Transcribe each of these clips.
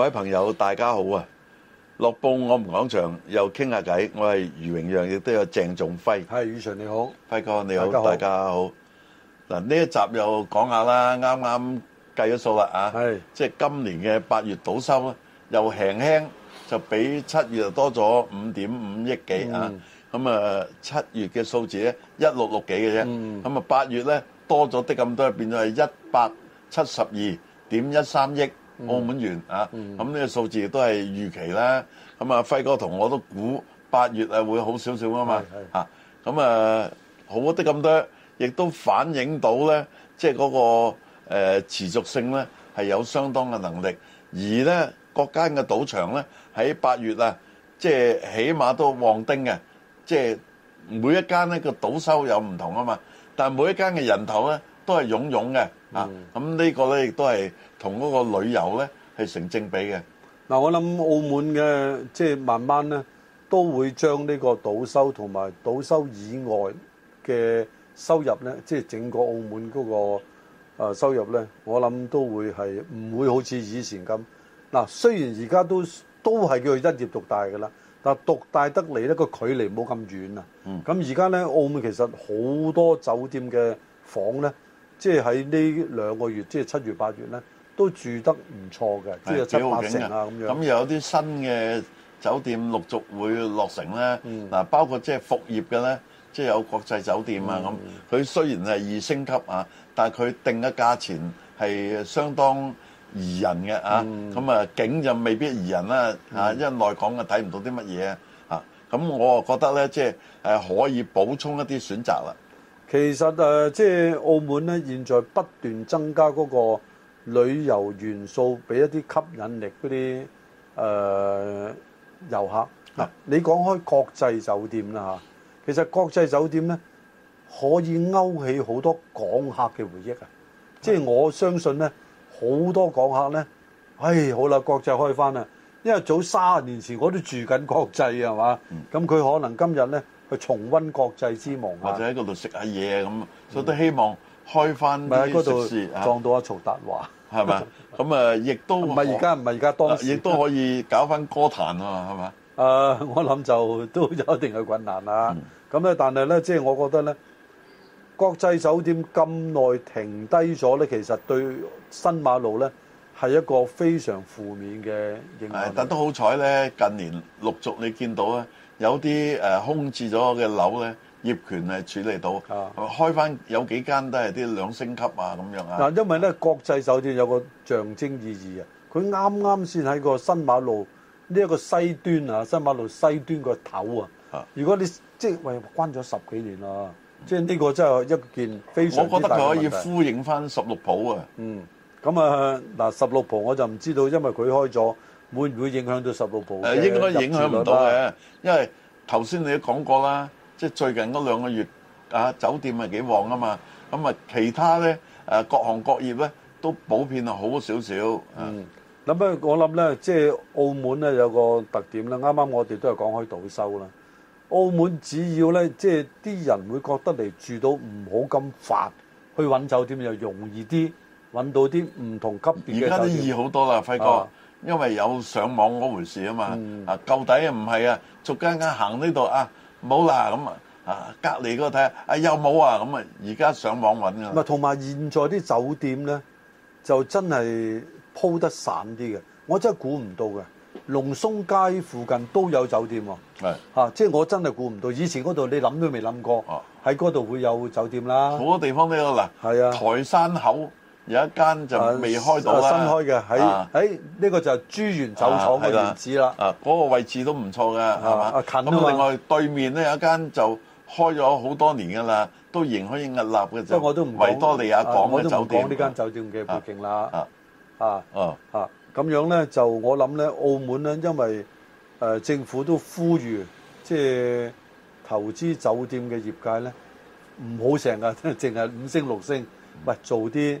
各位朋友，大家好啊！樂報我哋講場，又傾下偈。我係余榮讓，亦都有鄭仲輝。係宇純你好，輝哥你好，大家好。嗱呢一集又講下啦，啱啱計咗數啦啊！係，即係今年嘅八月賭收咧，又輕輕就比七月又多咗五點五億幾啊！咁啊，七月嘅數字咧一六六幾嘅啫，咁啊八月咧多咗啲咁多，變咗係一百七十二點一三億。澳門元、嗯，啊，咁呢個數字亦都係預期啦。咁、嗯、啊，輝哥同我都估八月啊會好少少啊嘛。啊，咁啊好得咁多，亦都反映到咧，即係嗰個、呃、持續性咧係有相當嘅能力。而咧各間嘅賭場咧喺八月啊，即係起碼都旺丁嘅。即係每一間咧個賭收有唔同啊嘛，但係每一間嘅人頭咧。都係擁擁嘅啊！咁、這、呢個呢，亦都係同嗰個旅遊呢係成正比嘅。嗱、嗯，我諗澳門嘅即係慢慢呢，都會將呢個賭收同埋賭收以外嘅收入呢，即、就、係、是、整個澳門嗰個收入呢，我諗都會係唔會好似以前咁。嗱，雖然而家都都係叫一業獨大嘅啦，但係獨大得嚟呢個距離冇咁遠啊。咁而家呢，澳門其實好多酒店嘅房呢。即係喺呢兩個月，即係七月八月咧，都住得唔錯嘅，即係七八成啊咁樣。咁又有啲新嘅酒店陸續會落成咧，嗱、嗯，包括即係復業嘅咧，即係有國際酒店啊咁。佢、嗯、雖然係二星級啊，但佢定嘅價錢係相當宜人嘅啊。咁、嗯、啊，景就未必宜人啦啊、嗯，因為內港啊睇唔到啲乜嘢啊。咁我啊覺得咧，即、就、係、誒、可以補充一啲選擇啦。其實誒、呃，即係澳門咧，現在不斷增加嗰個旅遊元素，俾一啲吸引力嗰啲誒遊客。嗱、啊，你講開國際酒店啦嚇，其實國際酒店咧可以勾起好多港客嘅回憶啊！即係我相信咧，好多港客咧，唉、哎，好啦，國際開翻啦，因為早三十年前我都住緊國際啊嘛，咁佢、嗯、可能今日咧。去重溫國際之夢或者喺度食下嘢咁、嗯，所以都希望開翻呢啲食肆，撞到阿曹達華係嘛？咁啊，亦、啊、 都唔係而家，唔係而家當時，亦、啊、都可以搞翻歌壇喎，係 嘛？誒、啊，我諗就都有一定嘅困難啦。咁、嗯、咧、啊，但係咧，即、就、係、是、我覺得咧，國際酒店咁耐停低咗咧，其實對新馬路咧係一個非常負面嘅影響。但都好彩咧，近年陸續你見到咧。有啲誒空置咗嘅樓咧，業權係處理到，啊、開翻有幾間都係啲兩星級啊咁樣啊。嗱，因為咧、啊、國際酒店有個象徵意義啊，佢啱啱先喺個新馬路呢一個西端啊，新馬路西端個頭啊。如果你、啊、即係關咗十幾年啦、嗯，即係呢個真係一件非常之大嘅問題。我覺得佢可以呼應翻十六浦啊。嗯，咁啊嗱，十六浦我就唔知道，因為佢開咗。會唔會影響到十六部？誒，應該影響唔到嘅，因為頭先你都講過啦，即係最近嗰兩個月啊，酒店係幾旺啊嘛，咁啊其他咧誒各行各業咧都普遍係好少少。嗯，咁不過，我諗咧，即係澳門咧有個特點咧，啱啱我哋都係講開賭收啦。澳門只要咧，即係啲人會覺得嚟住到唔好咁煩，去揾酒店就容易啲，揾到啲唔同級別嘅。而家都易好多啦，輝哥。因為有上網嗰回事啊嘛、嗯，啊，到底唔係啊？逐間間行呢度啊，冇啦咁啊，啊，隔離嗰度睇下，啊又冇啊，咁啊，而家上網揾啊。唔係，同埋現在啲酒店咧，就真係鋪得散啲嘅。我真係估唔到嘅，龍松街附近都有酒店喎、啊啊。即係我真係估唔到，以前嗰度你諗都未諗過，喺嗰度會有酒店啦。好多地方都有，嗱、啊，台山口。有一間就未開到啦，新開嘅喺喺呢個就係珠園酒廠嘅原址啦、啊，嗰、啊、個位置都唔錯嘅，係嘛？近。咁另外對面咧有一間就開咗好多年嘅啦，都仍可以屹立嘅就維多利亞港酒店。我都唔講呢間酒店嘅背景啦，啊啊啊咁、啊啊啊、樣咧就，我諗咧，澳門咧，因為誒、呃、政府都呼籲，即係投資酒店嘅業界咧唔好成日淨係五星六星、嗯，唔做啲，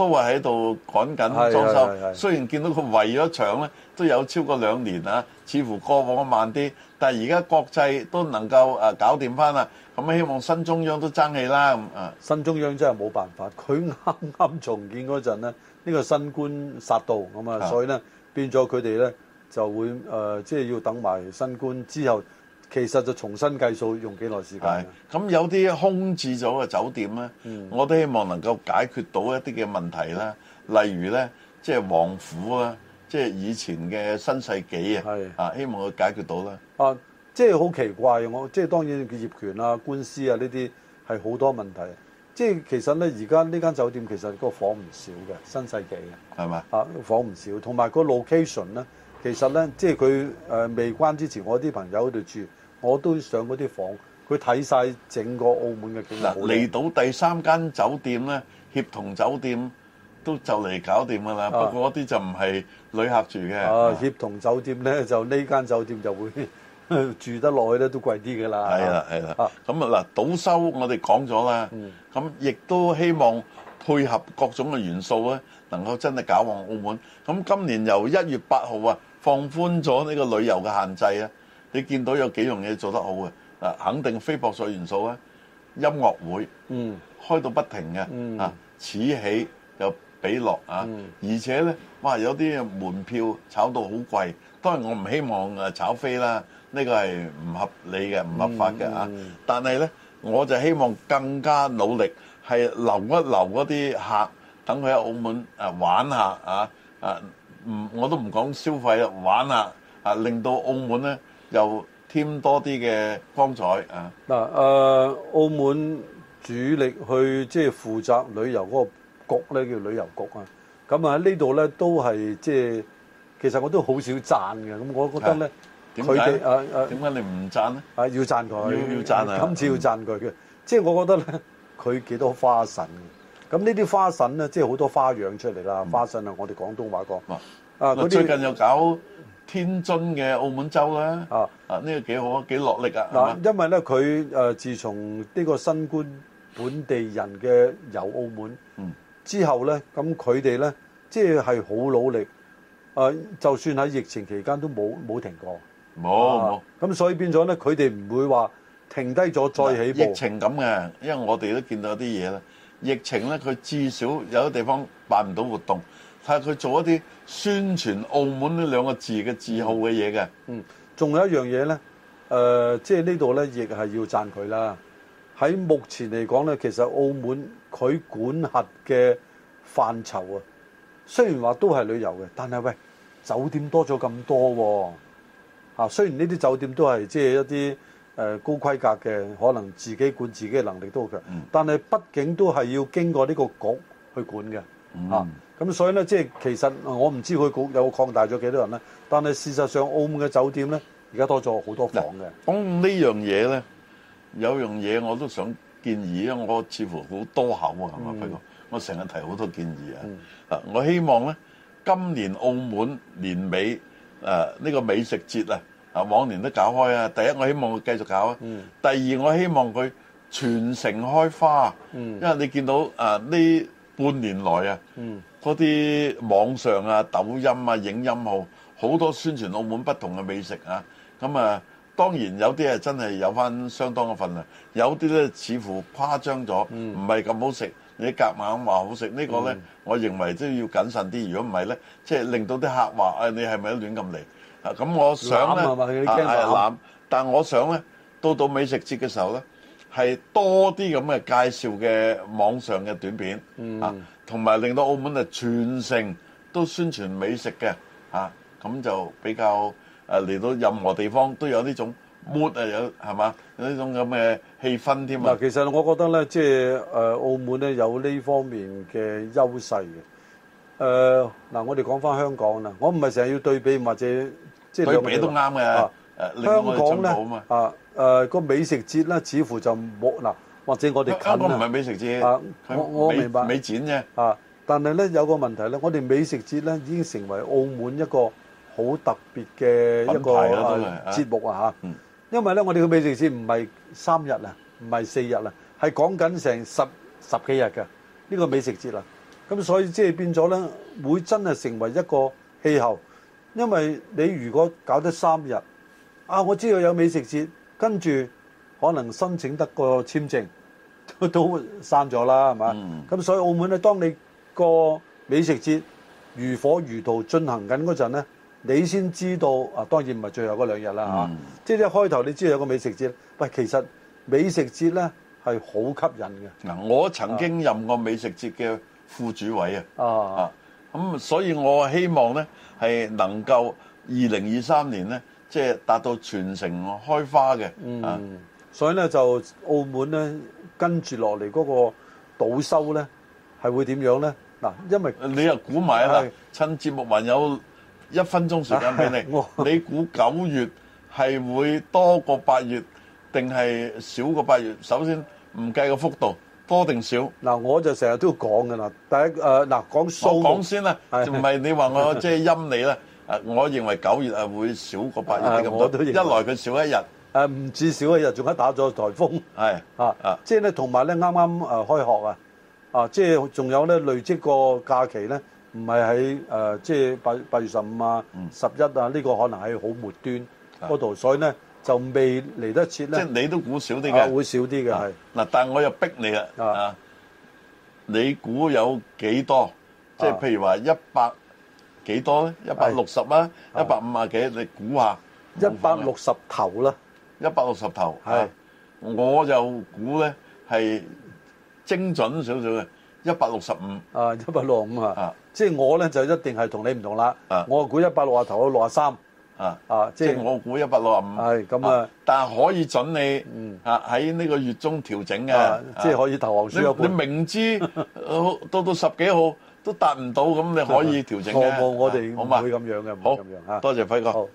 都係喺度趕緊裝修，是是是是雖然見到佢圍咗場咧，都有超過兩年啦。似乎過往慢啲，但係而家國際都能夠誒搞掂翻啦。咁希望新中央都爭氣啦。咁啊，新中央真係冇辦法，佢啱啱重建嗰陣咧，呢、呢個新官殺到咁啊，所以咧變咗佢哋咧就會誒，即、呃、係、即係、要等埋新官之後。其實就重新計數用幾耐時間？係咁有啲空置咗嘅酒店咧、嗯，我都希望能夠解決到一啲嘅問題啦。例如咧，即係王府啊，即係以前嘅新世紀啊，啊希望佢解決到啦。啊，即係好奇怪啊！我即係當然嘅業權啊、官司啊呢啲係好多問題。即係其實咧，而家呢間酒店其實個房唔少嘅，新世紀啊，係咪？啊房唔少，同埋個 location 咧，其實咧即係佢、呃、未關之前，我啲朋友喺度住。我都上嗰啲房，佢睇晒整個澳門嘅景。嗱，嚟到第三間酒店咧，協同酒店都就嚟搞掂噶啦。不過嗰啲就唔係旅客住嘅。啊，協同酒店咧就呢間酒店就會住得耐咧都貴啲噶啦。係啦，係啦。咁啊嗱，賭收我哋講咗啦。咁亦都希望配合各種嘅元素咧，能夠真係搞旺澳門。咁今年由一月八號啊，放寬咗呢個旅遊嘅限制啊。你見到有幾樣嘢做得好嘅啊？肯定非博彩元素啊！音樂會開到不停嘅啊、嗯，此起又彼落啊、嗯！而且呢，哇！有啲門票炒到好貴，當然我唔希望炒飛啦，呢個係唔合理嘅、唔合法嘅啊、嗯！嗯、但係呢，我就希望更加努力係留一留嗰啲客，等佢喺澳門玩下啊！啊，唔我都唔講消費玩下啊，令到澳門呢又添多啲嘅光彩啊！嗱、呃，澳門主力去即係負責旅遊嗰個局咧，叫旅遊局啊。咁啊，呢度咧都係即係，其實我都好少讚嘅。咁我覺得咧，佢哋誒誒，點解、啊、你唔讚咧？啊，要讚佢，要讚啊！今次要贊佢嘅、嗯，即係我覺得咧，佢幾多花臣嘅。咁呢啲花臣咧，即係好多花樣出嚟啦。花臣啊、嗯，我哋廣東話講。啊！最近又搞天津嘅澳門周呢，啊啊呢、這個幾好，幾落力啊！嗱、啊，因為咧佢自從呢個新冠本地人嘅遊澳門、嗯、之後咧，咁佢哋咧即係係好努力，啊、就算喺疫情期間都冇冇停過，冇冇，咁、啊、所以變咗咧，佢哋唔會話停低咗再起步、啊、疫情咁嘅，因為我哋都見到啲嘢疫情咧佢至少有啲地方辦唔到活動。係佢做一啲宣傳澳門呢兩個字嘅字號嘅嘢嘅，嗯，仲有一樣嘢呢，誒、呃，即係呢度呢，亦係要讚佢啦。喺目前嚟講呢，其實澳門佢管轄嘅範疇啊，雖然話都係旅遊嘅，但係喂，酒店多咗咁多、啊，嚇，雖然呢啲酒店都係即係一啲誒、呃、高規格嘅，可能自己管自己嘅能力都好強，嗯，但係畢竟都係要經過呢個局去管嘅，嗯、啊。咁所以咧，即係其實我唔知佢股有擴大咗幾多人咧。但係事實上，澳門嘅酒店咧，而家多咗好多房嘅。咁呢樣嘢咧，有樣嘢我都想建議啊。我似乎好多口啊，係嘛？不過我成日提好多建議啊。啊，我希望咧，今年澳門年尾啊，呢個美食節啊，啊往年都搞開啊。第一，我希望佢繼續搞啊。第二，我希望佢全城開花。因為你見到啊呢。半年來啊，嗰啲網上啊、抖音啊、影音號好多宣傳澳門不同嘅美食啊，咁啊當然有啲係真係有翻相當嘅份量，有啲咧似乎誇張咗，唔係咁好食，嗯，你夾硬話好食，呢個、呢個咧、嗯，我認為都要謹慎啲，如果唔係咧，即、就、係、係、令到啲客話誒、哎、你係咪都亂咁嚟？啊咁我想咧、啊，但係我想咧，到到美食節嘅時候咧。係多啲咁嘅介紹嘅網上嘅短片，啊，同埋令到澳門啊全城都宣傳美食嘅，啊，咁就比較誒嚟到任何地方都有呢種 mood 啊，有係嘛，有呢種咁嘅氣氛添啊。嗱，其實我覺得咧，即係誒澳門咧有呢方面嘅優勢嘅。誒嗱，我哋講翻香港啦，我唔係成日要對比或者即係對比都啱嘅。香港咧啊。誒個美食節咧，似乎就冇嗱，或者我哋近啊，嗰個唔係美食節啊，我我明白，美展啫啊！但係咧有個問題咧，我哋美食節咧已經成為澳門一個好特別嘅一個節目啊嚇，因為咧我哋個美食節唔係三日啊，唔係四日啊，係講緊成十十幾日㗎呢個美食節啊，咁所以即係變咗咧，會真係成為一個氣候，因為你如果搞得三日啊，我知道有美食節。跟住可能申請得個簽證都刪咗啦，係嘛？咁、嗯、所以澳門咧，當你個美食節如火如荼進行緊嗰陣咧，你先知道啊！當然唔係最後嗰兩日啦，嚇！即係一開頭你知道有個美食節，喂，其實美食節咧係好吸引嘅。嗱，我曾經任過美食節嘅副主委啊，啊咁，所以我希望咧係能夠二零二三年咧。即係達到全城開花嘅，嗯，所以咧就澳門咧跟住落嚟嗰個賭收咧係會點樣咧？嗱，因為你又估埋啦，趁節目還有一分鐘時間俾你，你估九月係會多過八月定係少過八月？首先唔計個幅度，多定少？嗱，我就成日都要講嘅啦，第一誒嗱講數，我講先啦，唔係你話我即係陰你啦。我認為九月誒會少過八月咁、啊、多都，一來佢少一日，誒唔止少一日，仲喺打咗颱風，係啊啊，即係咧，同埋咧，啱啱誒開學啊，啊，即係仲有咧、啊就是、累積個假期咧，唔係喺誒，即係八八月十五啊、十、嗯、一啊，呢、這個可能係好末端嗰度，所以咧就未嚟得切咧。即、就、係、是、你都估少啲嘅，會少啲嘅係。嗱、啊，但係我又逼你啊，啊，你估有幾多、啊？即係譬如話一百。幾多咧？一百六十啦？一百五啊幾？你估下？一百六十頭啦。一百六十頭。係，uh, 165, uh, 165, uh, 我就估咧係精準少少嘅一百六十五。啊，一百六十五啊。啊。即係我咧就一定係同你唔同啦。啊、uh, uh, uh,。Uh, uh, 我估一百六啊頭，六啊三。啊啊！即係我估一百六十五。係咁啊！但係可以準你啊喺呢個月中調整嘅，uh, uh, 即係可以投降輸一半。你，你明知到到十幾號？ 都達唔到咁，你可以調整我噃，我哋唔會咁樣嘅，唔好咁樣嚇。多謝輝哥。